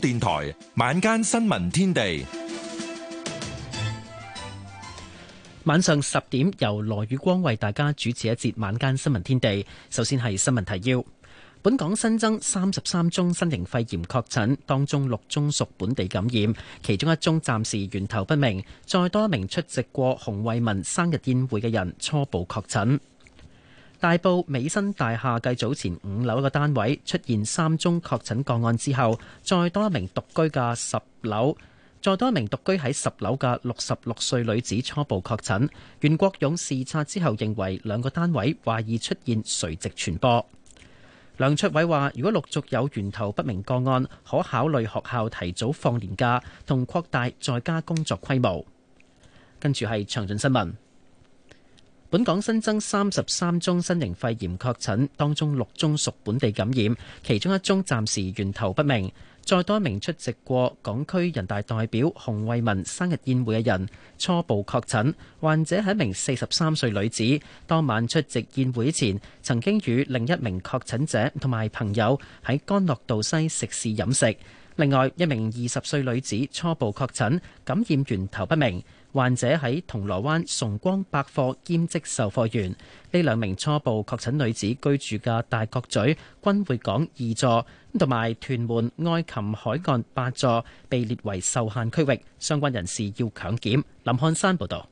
電台晚間新聞天地，晚上十點由羅宇光為大家主持一節晚間新聞天地。首先係新聞提要：本港新增三十三宗新型肺炎確診，當中六宗屬本地感染，其中一宗暫時源頭不明。再多一名出席過洪為民生日宴會嘅人初步確診。大埔美新大廈繼早前五樓一個單位出現三宗確診個案之後，再多一名獨居嘅十樓，再多一名獨居喺十樓嘅六十六歲女子初步確診。袁國勇視察之後認為兩個單位懷疑出現垂直傳播。梁卓偉話：如果陸續有源頭不明個案，可考慮學校提早放年假同擴大在家工作規模。跟住係詳盡新聞。本港新增三十三宗新型肺炎確診，當中六宗屬本地感染，其中一宗暫時源頭不明。再多一名出席過港區人大代表洪為民生日宴會嘅人初步確診，患者係一名四十三歲女子，當晚出席宴會前曾經與另一名確診者同埋朋友喺干諾道西食肆飲食。另外一名二十歲女子初步確診，感染源頭不明。患者喺銅鑼灣崇光百貨兼職售貨員，呢兩名初步確診女子居住嘅大角咀君匯港二座，同埋屯門愛琴海岸八座，被列為受限區域，相關人士要強檢。林漢山報道。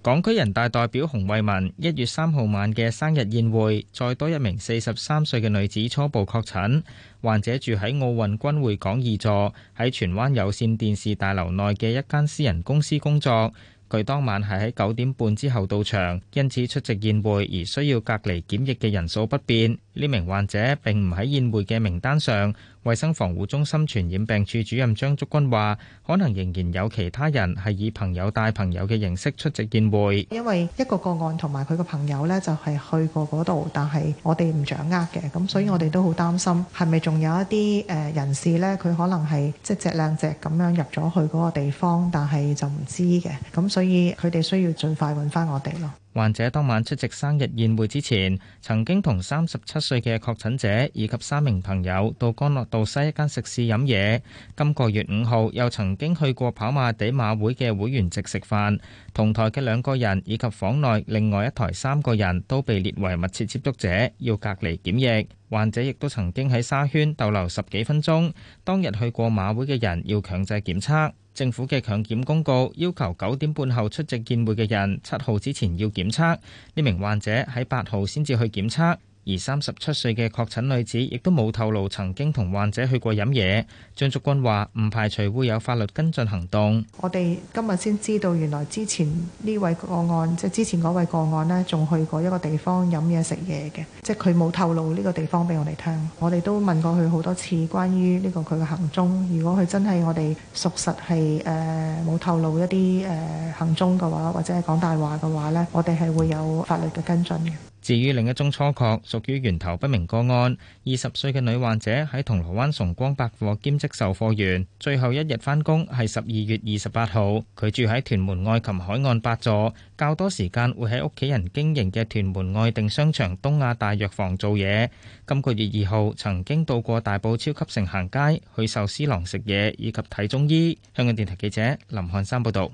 港區人大代表洪為民一月三號晚嘅生日宴會，再多一名四十三歲嘅女子初步確診，患者住喺奧運君匯港二座，喺荃灣有線電視大樓內嘅一間私人公司工作。佢當晚係喺九點半之後到場，因此出席宴會而需要隔離檢疫嘅人數不變。呢名患者並唔喺宴會嘅名單上。衛生防護中心傳染病處主任張竹君話：可能仍然有其他人係以朋友帶朋友嘅形式出席宴會，因為一個個案同埋佢個朋友呢，就係去過嗰度，但係我哋唔掌握嘅，咁所以我哋都好擔心係咪仲有一啲誒人士呢？佢可能係即係隻兩隻咁樣入咗去嗰個地方，但係就唔知嘅，咁所以佢哋需要盡快揾翻我哋咯。患者當晚出席生日宴會之前，曾經同三十七歲嘅確診者以及三名朋友到干諾道西一間食肆飲嘢。今個月五號又曾經去過跑馬地馬會嘅會員席食飯。同台嘅兩個人以及房內另外一台三個人都被列為密切接觸者，要隔離檢疫。患者亦都曾經喺沙圈逗留十幾分鐘，當日去過馬會嘅人要強制檢測。政府嘅強檢公告要求九點半後出席宴會嘅人，七號之前要檢測。呢名患者喺八號先至去檢測。而三十七歲嘅確診女子亦都冇透露曾經同患者去過飲嘢。張竹君話：唔排除會有法律跟進行動。我哋今日先知道原來之前呢位個案，即係之前嗰位個案呢，仲去過一個地方飲嘢食嘢嘅，即係佢冇透露呢個地方俾我哋聽。我哋都問過佢好多次關於呢個佢嘅行蹤。如果佢真係我哋屬實係誒冇透露一啲誒行蹤嘅話，或者係講大話嘅話呢，我哋係會有法律嘅跟進嘅。至於另一宗初確，屬於源頭不明個案。二十歲嘅女患者喺銅鑼灣崇光百貨兼職售貨員，最後一日返工係十二月二十八號。佢住喺屯門愛琴海岸八座，較多時間會喺屋企人經營嘅屯門愛定商場東亞大藥房做嘢。今個月二號曾經到過大埔超級城行街，去壽司郎食嘢以及睇中醫。香港電台記者林漢山報導。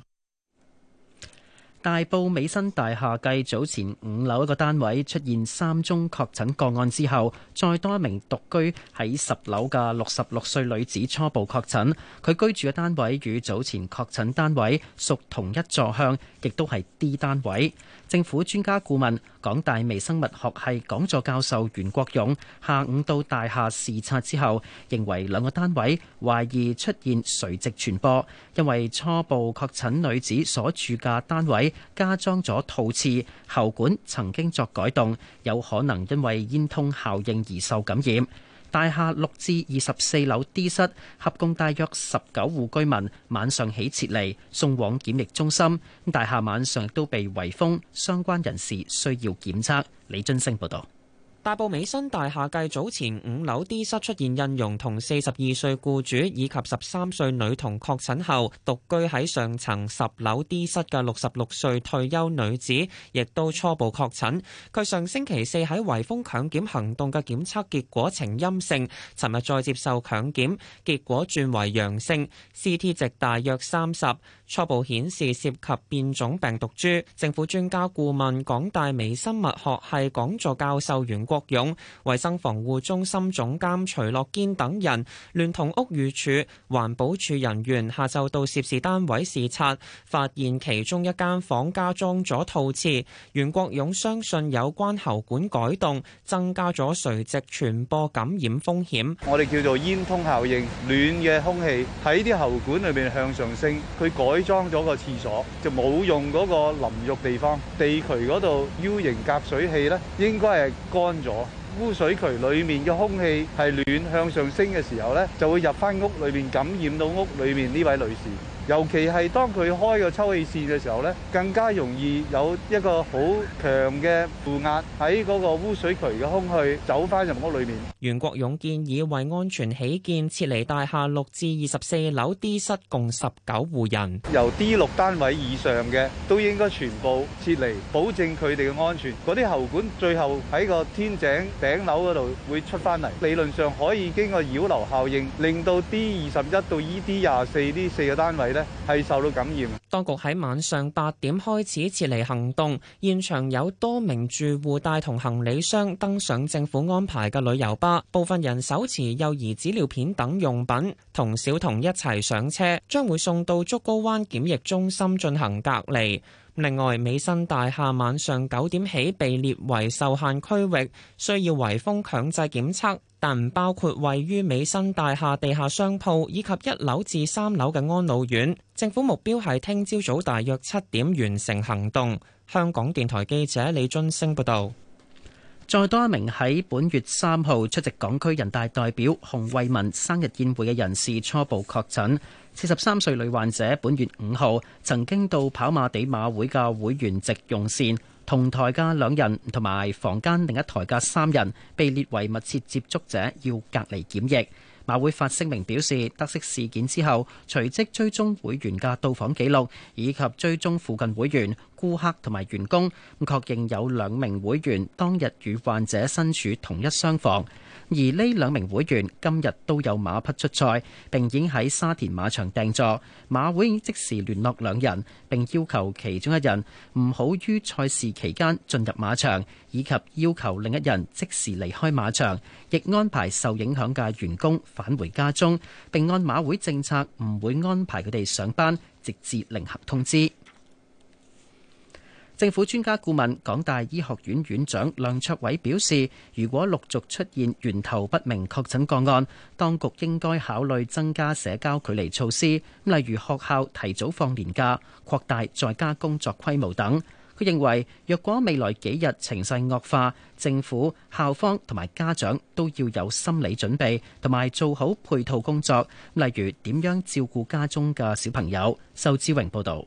大埔美新大廈繼早前五樓一個單位出現三宗確診個案之後，再多一名獨居喺十樓嘅六十六歲女子初步確診。佢居住嘅單位與早前確診單位屬同一座向，亦都係 D 單位。政府專家顧問、港大微生物學系講座教授袁國勇下午到大廈視察之後，認為兩個單位懷疑出現垂直傳播，因為初步確診女子所住嘅單位，加裝咗套廁，喉管曾經作改動，有可能因為煙囪效應而受感染。大廈六至二十四樓 D 室合共大約十九戶居民晚上起撤離，送往檢疫中心。大廈晚上亦都被圍封，相關人士需要檢測。李津升報導。大埔美新大廈繼早前五樓 D 室出現印傭，同四十二歲雇主以及十三歲女童確診後，獨居喺上層十樓 D 室嘅六十六歲退休女子，亦都初步確診。佢上星期四喺圍封強檢行動嘅檢測結果呈陰性，尋日再接受強檢，結果轉為陽性，C T 值大約三十。初步顯示涉及變種病毒株，政府專家顧問港大微生物學系講座教授袁國勇、衞生防護中心總監徐樂堅等人聯同屋宇署、環保署人員下晝到涉事單位視察，發現其中一間房間加裝咗套廁。袁國勇相信有關喉管改動，增加咗垂直傳播感染風險。我哋叫做煙通效應，暖嘅空氣喺啲喉管裏面向上升，佢改裝咗個廁所就冇用嗰個淋浴地方，地渠嗰度 U 型夾水器呢，應該係乾咗，污水渠裡面嘅空氣係暖向上升嘅時候呢，就會入翻屋裏面感染到屋裏面呢位女士。尤其係當佢開個抽氣扇嘅時候咧，更加容易有一個好強嘅負壓，喺嗰個污水渠嘅空氣走翻入屋裏面。袁國勇建議為安全起見，撤離大廈六至二十四樓 D 室共十九戶人。由 D 六單位以上嘅都應該全部撤離，保證佢哋嘅安全。啲喉管最後喺個天井頂樓度會出翻嚟，理論上可以經過擾流效應令到 D 二十一到 E D 廿四呢四個單位係受到感染。當局喺晚上八點開始撤離行動，現場有多名住戶帶同行李箱登上政府安排嘅旅遊巴，部分人手持幼兒紙尿片等用品，同小童一齊上車，將會送到竹篙灣檢疫中心進行隔離。另外，美新大廈晚上九點起被列為受限區域，需要圍封強制檢測，但唔包括位於美新大廈地下商鋪以及一樓至三樓嘅安老院。政府目標係聽朝早大約七點完成行動。香港電台記者李津升報道。再多一名喺本月三號出席港區人大代表洪慧文生日宴會嘅人士初步確診。四十三歲女患者本月五號曾經到跑馬地馬會嘅會員席用膳，同台嘅兩人同埋房間另一台嘅三人被列為密切接觸者，要隔離檢疫。馬會發聲明表示，得悉事件之後，隨即追蹤會員嘅到訪記錄，以及追蹤附近會員、顧客同埋員工，確認有兩名會員當日與患者身處同一廂房。而呢兩名會員今日都有馬匹出賽，並已喺沙田馬場訂座。馬會即時聯絡兩人，並要求其中一人唔好於賽事期間進入馬場，以及要求另一人即時離開馬場，亦安排受影響嘅員工返回家中。並按馬會政策唔會安排佢哋上班，直至另行通知。政府專家顧問、港大醫學院院長梁卓偉表示，如果陸續出現源頭不明確診個案，當局應該考慮增加社交距離措施，例如學校提早放年假、擴大在家工作規模等。佢認為，若果未來幾日情勢惡化，政府、校方同埋家長都要有心理準備，同埋做好配套工作，例如點樣照顧家中嘅小朋友。仇志榮報導。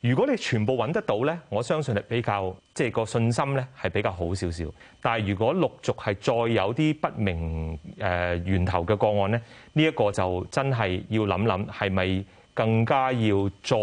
如果你全部揾得到呢，我相信係比較即係個信心呢，係比較好少少。但係如果陸續係再有啲不明誒源頭嘅個案呢，呢、這、一個就真係要諗諗，係咪更加要再。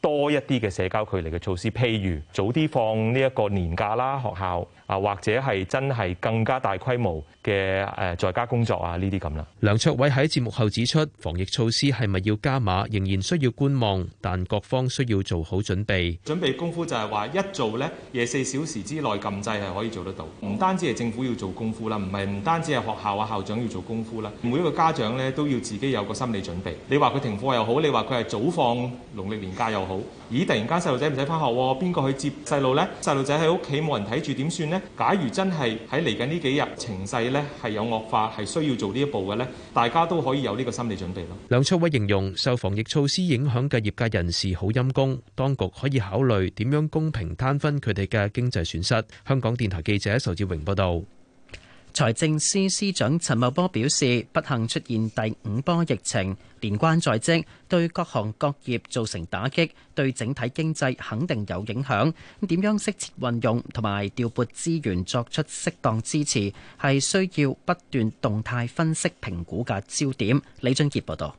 多一啲嘅社交距離嘅措施，譬如早啲放呢一個年假啦，學校啊，或者係真係更加大規模嘅誒在家工作啊，呢啲咁啦。梁卓偉喺節目後指出，防疫措施係咪要加碼，仍然需要觀望，但各方需要做好準備。準備功夫就係話一做呢廿四小時之內禁制係可以做得到。唔單止係政府要做功夫啦，唔係唔單止係學校啊校長要做功夫啦，每一個家長呢都要自己有個心理準備。你話佢停課又好，你話佢係早放農曆年假又好。咦！突然間細路仔唔使返學喎，邊個去接細路呢？細路仔喺屋企冇人睇住點算呢？假如真係喺嚟緊呢幾日情勢呢係有惡化，係需要做呢一步嘅呢，大家都可以有呢個心理準備咯。梁卓偉形容受防疫措施影響嘅業界人士好陰功，當局可以考慮點樣公平攤分佢哋嘅經濟損失。香港電台記者仇志榮報道。財政司司長陳茂波表示，不幸出現第五波疫情，年關在即，對各行各業造成打擊，對整體經濟肯定有影響。咁點樣適切運用同埋調撥資源，作出適當支持，係需要不斷動態分析評估嘅焦點。李俊傑報導。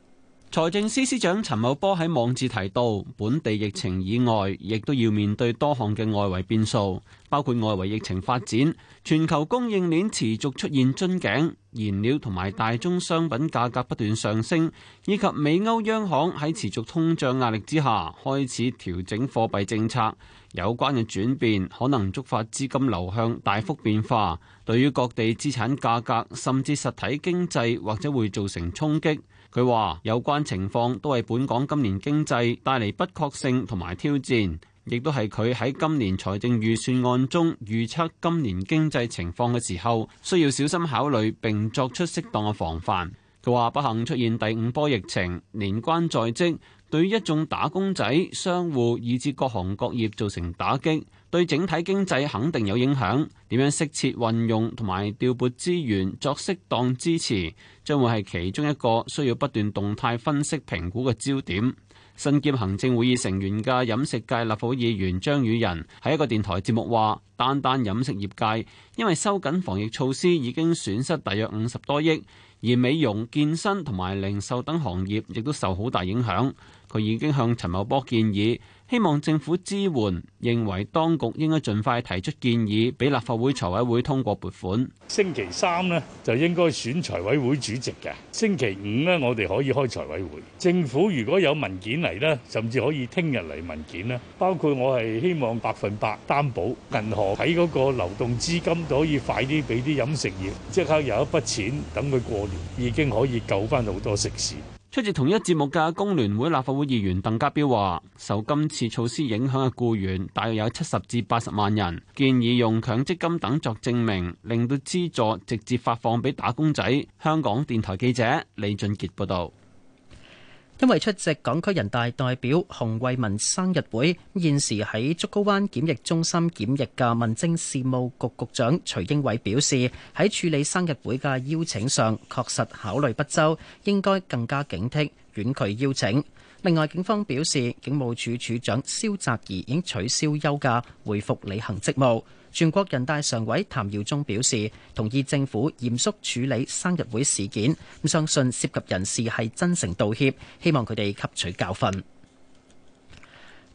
財政司司長陳茂波喺網誌提到，本地疫情以外，亦都要面對多項嘅外圍變數，包括外圍疫情發展、全球供應鏈持續出現樽頸、燃料同埋大宗商品價格不斷上升，以及美歐央行喺持續通脹壓力之下開始調整貨幣政策。有關嘅轉變可能觸發資金流向大幅變化，對於各地資產價格甚至實體經濟，或者會造成衝擊。佢話：有關情況都係本港今年經濟帶嚟不確定性同埋挑戰，亦都係佢喺今年財政預算案中預測今年經濟情況嘅時候，需要小心考慮並作出適當嘅防範。佢話：不幸出現第五波疫情，年關在即，對於一眾打工仔、商戶以至各行各業造成打擊。對整體經濟肯定有影響，點樣適切運用同埋調撥資源作適當支持，將會係其中一個需要不斷動態分析評估嘅焦點。新兼行政會議成員嘅飲食界立法會議員張宇人喺一個電台節目話，單單飲食業界因為收緊防疫措施已經損失大約五十多億，而美容、健身同埋零售等行業亦都受好大影響。佢已經向陳茂波建議，希望政府支援，認為當局應該盡快提出建議，俾立法會財委會通過撥款。星期三呢，就應該選財委會主席嘅，星期五呢，我哋可以開財委會。政府如果有文件嚟呢，甚至可以聽日嚟文件呢，包括我係希望百分百擔保銀行喺嗰個流動資金，都可以快啲俾啲飲食業即刻有一筆錢，等佢過年已經可以救翻好多食肆。出席同一節目嘅工聯會立法會議員鄧家彪話，受今次措施影響嘅僱員大約有七十至八十萬人，建議用強積金等作證明，令到資助直接發放俾打工仔。香港電台記者李俊傑報道。因為出席港區人大代表洪為民生日會，現時喺竹篙灣檢疫中心檢疫嘅民政事務局局長徐英偉表示，喺處理生日會嘅邀請上，確實考慮不周，應該更加警惕，婉拒邀請。另外，警方表示，警務處處長蕭澤頤已經取消休假，回復履行職務。全國人大常委譚耀宗表示，同意政府嚴肅處理生日會事件，相信涉及人士係真誠道歉，希望佢哋吸取教訓。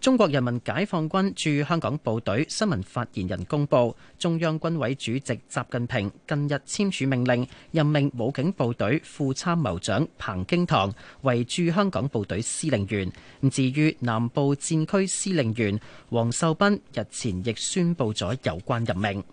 中國人民解放軍駐香港部隊新聞發言人公布，中央軍委主席習近平近日簽署命令，任命武警部隊副參謀長彭京堂為駐香港部隊司令員。至於南部戰區司令員王秀斌日前亦宣布咗有關任命。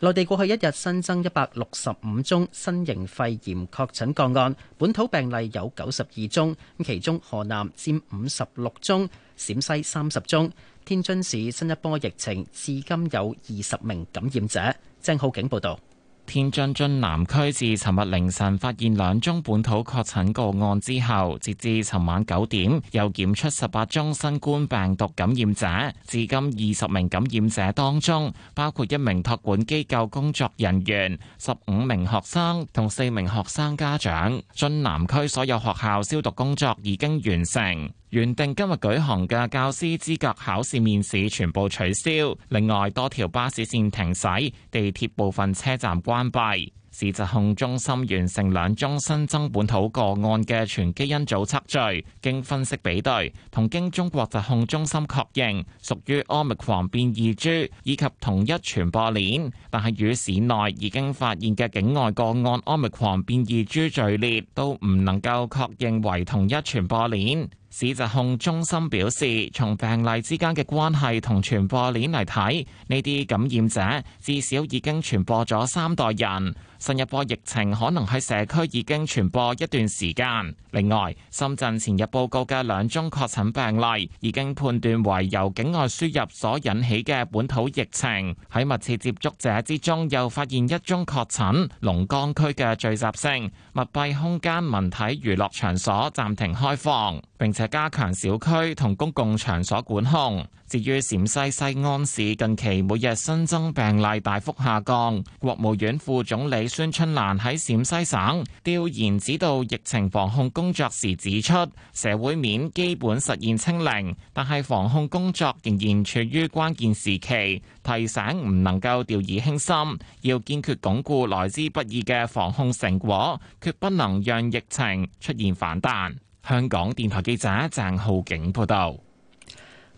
內地過去一日新增一百六十五宗新型肺炎確診個案，本土病例有九十二宗，其中河南佔五十六宗，陝西三十宗。天津市新一波疫情至今有二十名感染者。鄭浩景報道。天津津南區至尋日凌晨發現兩宗本土確診個案之後，截至尋晚九點，又檢出十八宗新冠病毒感染者。至今二十名感染者當中，包括一名託管機構工作人員、十五名學生同四名學生家長。津南區所有學校消毒工作已經完成。原定今日舉行嘅教師資格考試面試全部取消。另外，多條巴士線停駛，地鐵部分車站關閉。市疾控中心完成兩宗新增本土個案嘅全基因組測序，經分析比對，同經中國疾控中心確認屬於奧密克戎變異株，以及同一傳播鏈。但係與市內已經發現嘅境外個案奧密克戎變異株序列都唔能夠確認為同一傳播鏈。市疾控中心表示，從病例之間嘅關係同傳播鏈嚟睇，呢啲感染者至少已經傳播咗三代人，新一波疫情可能喺社區已經傳播一段時間，另外，深圳前日報告嘅兩宗確診病例已經判斷為由境外輸入所引起嘅本土疫情，喺密切接觸者之中又發現一宗確診。龍崗區嘅聚集性、密閉空間文體娛樂場所暫停開放，並且，加強小區同公共場所管控。至於陝西西安市近期每日新增病例大幅下降，國務院副總理孫春蘭喺陝西省調研指導疫情防控工作時指出，社會面基本實現清零，但係防控工作仍然處於關鍵時期，提醒唔能夠掉以輕心，要堅決鞏固來之不易嘅防控成果，決不能讓疫情出現反彈。香港電台記者鄭浩景報道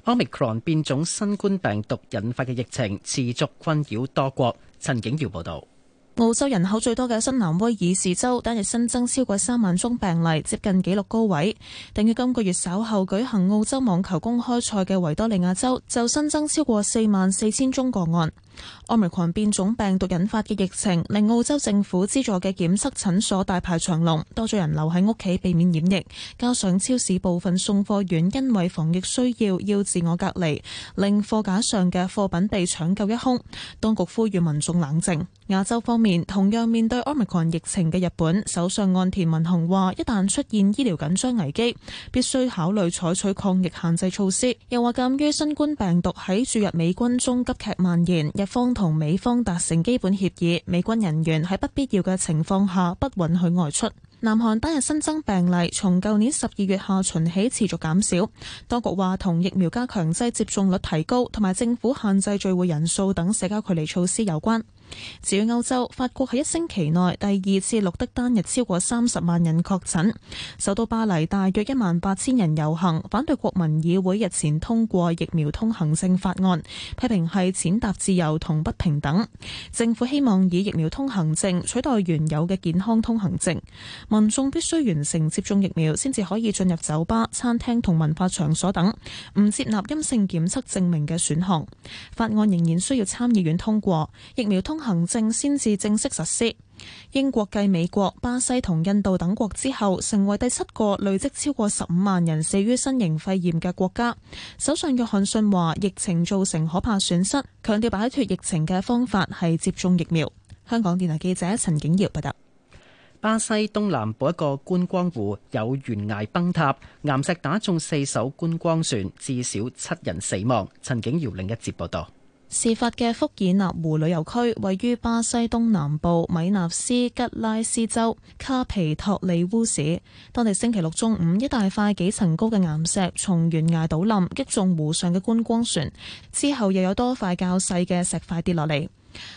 ，Omicron 變種新冠病毒引發嘅疫情持續困擾多國。陳景耀報道，澳洲人口最多嘅新南威爾士州單日新增超過三萬宗病例，接近紀錄高位。定於今個月稍後舉行澳洲網球公開賽嘅維多利亞州就新增超過四萬四千宗個案。Omicron 變種病毒引發嘅疫情，令澳洲政府資助嘅檢測診所大排長龍，多咗人留喺屋企避免染疫。加上超市部分送貨員因為防疫需要要自我隔離，令貨架上嘅貨品被搶購一空。當局呼籲民眾冷靜。亞洲方面同樣面對 Omicron 疫情嘅日本，首相岸田文雄話一旦出現醫療緊張危機，必須考慮採取抗疫限制措施。又話鑒於新冠病毒喺駐日美軍中急劇蔓延，方同美方達成基本協議，美軍人員喺不必要嘅情況下不允許外出。南韓單日新增病例從舊年十二月下旬起持續減少，當局話同疫苗加強劑接種率提高同埋政府限制聚會人數等社交距離措施有關。至於歐洲，法國喺一星期內第二次錄得單日超過三十萬人確診。首都巴黎大約一萬八千人遊行，反對國民議會日前通過疫苗通行證法案，批評係踐踏自由同不平等。政府希望以疫苗通行證取代原有嘅健康通行證，民眾必須完成接種疫苗先至可以進入酒吧、餐廳同文化場所等，唔接納陰性檢測證明嘅選項。法案仍然需要參議院通過疫苗通。行政先至正式實施。英國繼美國、巴西同印度等國之後，成為第七個累積超過十五萬人死於新型肺炎嘅國家。首相約翰遜話：疫情造成可怕損失，強調擺脱疫情嘅方法係接種疫苗。香港電台記者陳景瑤報道。巴西東南部一個觀光湖有懸崖崩塌，岩石打中四艘觀光船，至少七人死亡。陳景瑤另一節報道。事發嘅福爾納湖旅遊區位於巴西東南部米納斯吉拉斯州卡皮托利烏市。當地星期六中午，一大塊幾層高嘅岩石從懸崖倒冧，擊中湖上嘅觀光船，之後又有多塊較細嘅石塊跌落嚟。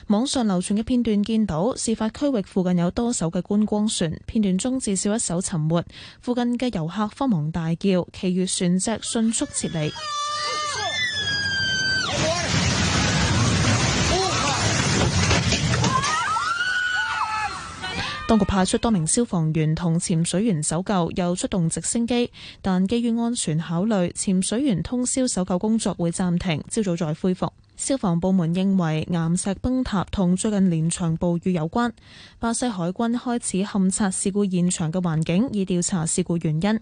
網上流傳嘅片段見到，事發區域附近有多艘嘅觀光船，片段中至少一艘沉沒，附近嘅遊客慌忙大叫，其餘船隻迅速撤離。當局派出多名消防員同潛水員搜救，又出動直升機，但基於安全考慮，潛水員通宵搜救工作會暫停，朝早再恢復。消防部門認為岩石崩塌同最近連場暴雨有關。巴西海軍開始勘察事故現場嘅環境，以調查事故原因。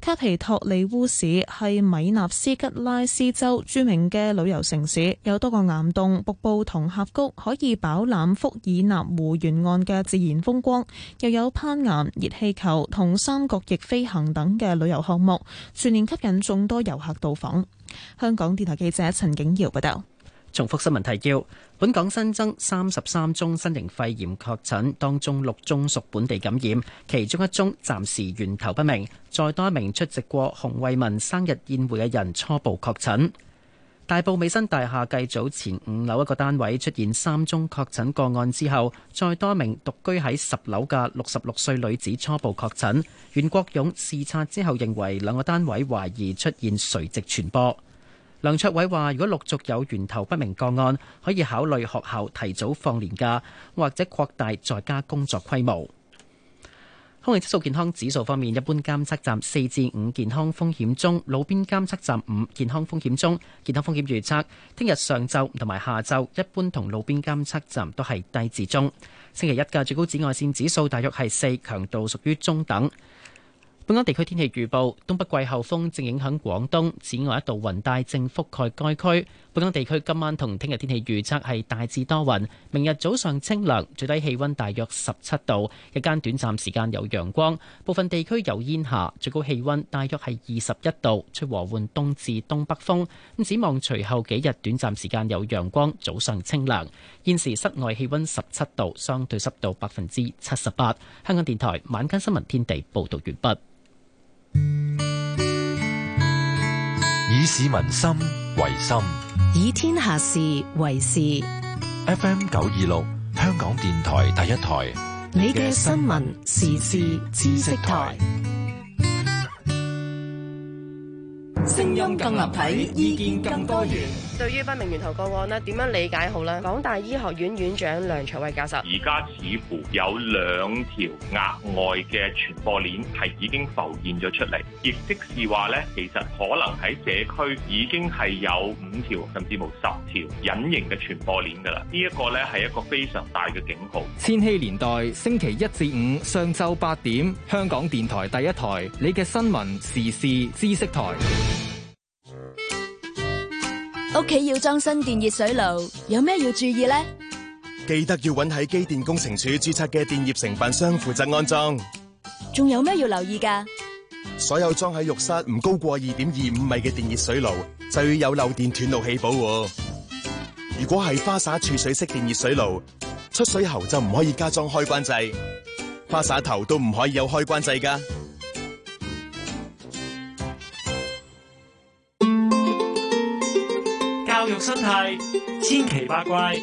卡皮托利烏市係米納斯吉拉斯州著名嘅旅遊城市，有多個岩洞、瀑布同峽谷，可以飽覽福爾納湖沿岸嘅自然風光，又有攀岩、熱氣球同三角翼飛行等嘅旅遊項目，全年吸引眾多遊客到訪。香港電台記者陳景瑤報道。重複新聞提要，本港新增三十三宗新型肺炎確診，當中六宗屬本地感染，其中一宗暫時源頭不明。再多一名出席過洪為民生日宴會嘅人初步確診。大埔美新大廈繼早前五樓一個單位出現三宗確診個案之後，再多一名獨居喺十樓嘅六十六歲女子初步確診。袁國勇視察之後認爲兩個單位懷疑出現垂直傳播。梁卓偉話，如果陸續有源頭不明個案，可以考慮學校提早放年假，或者擴大在家工作規模。空氣質素健康指數方面，一般監測站四至五健康風險中，路邊監測站五健康風險中。健康風險預測，聽日上晝同埋下晝，一般同路邊監測站都係低至中。星期一嘅最高紫外線指數大約係四，強度屬於中等。本港地區天氣預報：東北季候風正影響廣東，此外一道雲帶正覆蓋該區。本港地區今晚同聽日天氣預測係大致多雲，明日早上清涼，最低氣溫大約十七度，一間短暫時間有陽光，部分地區有煙霞，最高氣溫大約係二十一度，吹和緩東至東北風。咁展望隨後幾日，短暫時間有陽光，早上清涼。現時室外氣溫十七度，相對濕度百分之七十八。香港電台晚間新聞天地報道完畢。以市民心為心，以天下事為事。FM 九二六，香港電台第一台，你嘅新聞時事知識台，聲音更立體，意見更多元。對於不明源頭個案呢，點樣理解好呢？港大醫學院院長梁卓偉教授，而家似乎有兩條額外嘅傳播鏈係已經浮現咗出嚟，亦即是話呢，其實可能喺社區已經係有五條甚至冇十條隱形嘅傳播鏈㗎啦。呢一個呢，係一個非常大嘅警告。千禧年代星期一至五上晝八點，香港電台第一台，你嘅新聞時事知識台。屋企要裝新電熱水爐，有咩要注意呢？記得要揾喺機電工程署註冊嘅電業承辦商負責安裝。仲有咩要留意噶？所有裝喺浴室唔高過二點二五米嘅電熱水爐，就要有漏電斷路器保護。如果係花灑儲水式電熱水爐，出水喉就唔可以加裝開關掣，花灑頭都唔可以有開關掣噶。生態千奇百怪，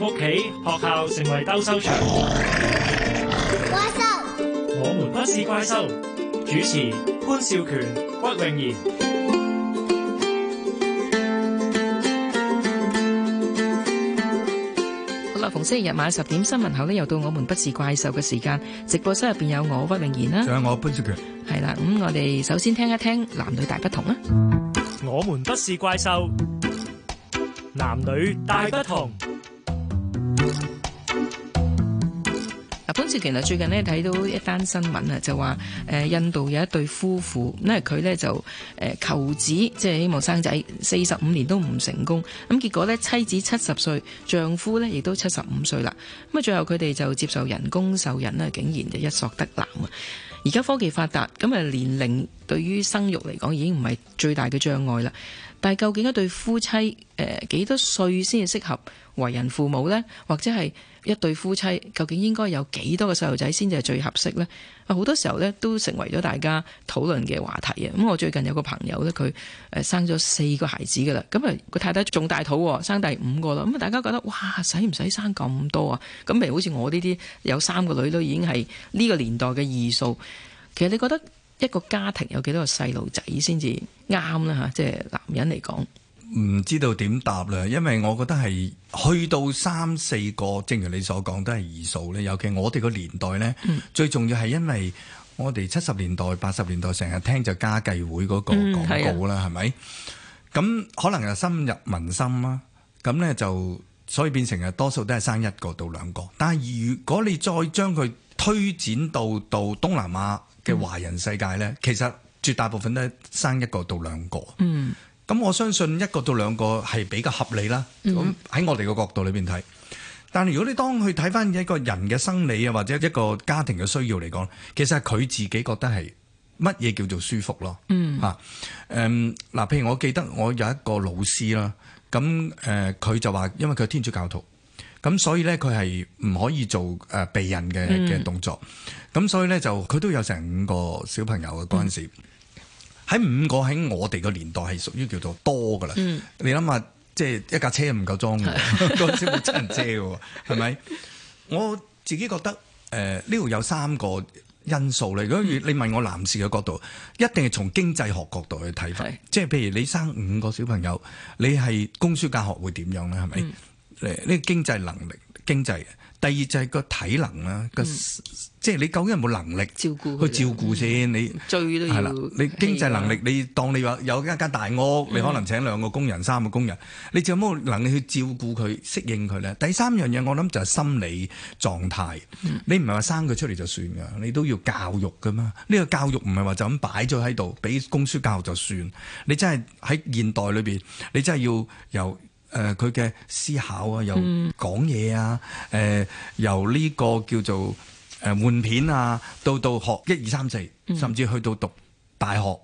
屋企學校成為鬥獸場。怪獸，我們不是怪獸。主持潘少權、屈穎妍。好啦，逢星期日晚十點新聞後咧，又到我們不是怪獸嘅時間。直播室入邊有我屈穎妍啦，仲有我潘少權。係啦，咁我哋首先聽一聽男女大不同啦。我們不是怪獸。男女大不同。嗱，潘兆權啊，最近咧睇到一單新聞啊，就話誒，印度有一對夫婦，咁啊佢咧就誒求子，即係希望生仔，四十五年都唔成功，咁結果咧妻子七十歲，丈夫咧亦都七十五歲啦，咁啊最後佢哋就接受人工受孕啦，竟然就一索得男啊！而家科技發達，咁啊年齡對於生育嚟講已經唔係最大嘅障礙啦。但係究竟一對夫妻誒幾、呃、多歲先係適合為人父母呢？或者係一對夫妻究竟應該有幾多個細路仔先至係最合適呢？好多時候呢，都成為咗大家討論嘅話題啊！咁我最近有個朋友呢，佢誒生咗四個孩子㗎喇，咁啊個太太仲大肚，生第五個啦，咁啊大家覺得哇，使唔使生咁多啊？咁咪好似我呢啲有三個女都已經係呢個年代嘅二數，其實你覺得？一個家庭有幾多個細路仔先至啱咧嚇，即係男人嚟講，唔知道點答啦。因為我覺得係去到三四個，正如你所講都係二數咧。尤其我哋個年代咧，嗯、最重要係因為我哋七十年代、八十年代成日聽就家計會嗰個廣告啦，係咪、嗯？咁、啊、可能又深入民心啦。咁咧就所以變成啊，多數都係生一個到兩個。但係如果你再將佢。推展到到東南亞嘅華人世界咧，嗯、其實絕大部分都係生一個到兩個。嗯，咁我相信一個到兩個係比較合理啦。咁喺、嗯、我哋個角度裏邊睇，但係如果你當去睇翻一個人嘅生理啊，或者一個家庭嘅需要嚟講，其實係佢自己覺得係乜嘢叫做舒服咯、嗯啊？嗯，嚇，誒嗱，譬如我記得我有一個老師啦，咁誒佢就話，因為佢係天主教徒。咁所以咧，佢係唔可以做誒、呃、避孕嘅嘅動作。咁、嗯、所以咧，就佢都有成五個小朋友嘅嗰陣時喺五個喺我哋個年代係屬於叫做多噶啦。嗯、你諗下，即係一架車唔夠裝嘅，嗰陣、嗯、 時真唔遮嘅喎，係咪？我自己覺得誒，呢、呃、度有三個因素嚟。如果、嗯、你問我男士嘅角度，一定係從經濟學角度去睇法。嗯、即係譬如你生五個小朋友，你係供書教學會點樣咧？係咪？呢個經濟能力、經濟，第二就係個體能啦，個、嗯、即係你究竟有冇能力去照顧先？嗯、你最都要。係啦，你經濟能力，你當你話有間間大屋，嗯、你可能請兩個工人、三個工人，你仲有冇能力去照顧佢、適應佢咧？第三樣嘢，我諗就係心理狀態。嗯、你唔係話生佢出嚟就算㗎，你都要教育㗎嘛？呢個教育唔係話就咁擺咗喺度，俾公書教育就算。你真係喺現代裏邊，你真係要由。誒佢嘅思考啊，又講嘢啊，誒、呃、由呢個叫做誒換片啊，到到學一二三四，甚至去到讀大學。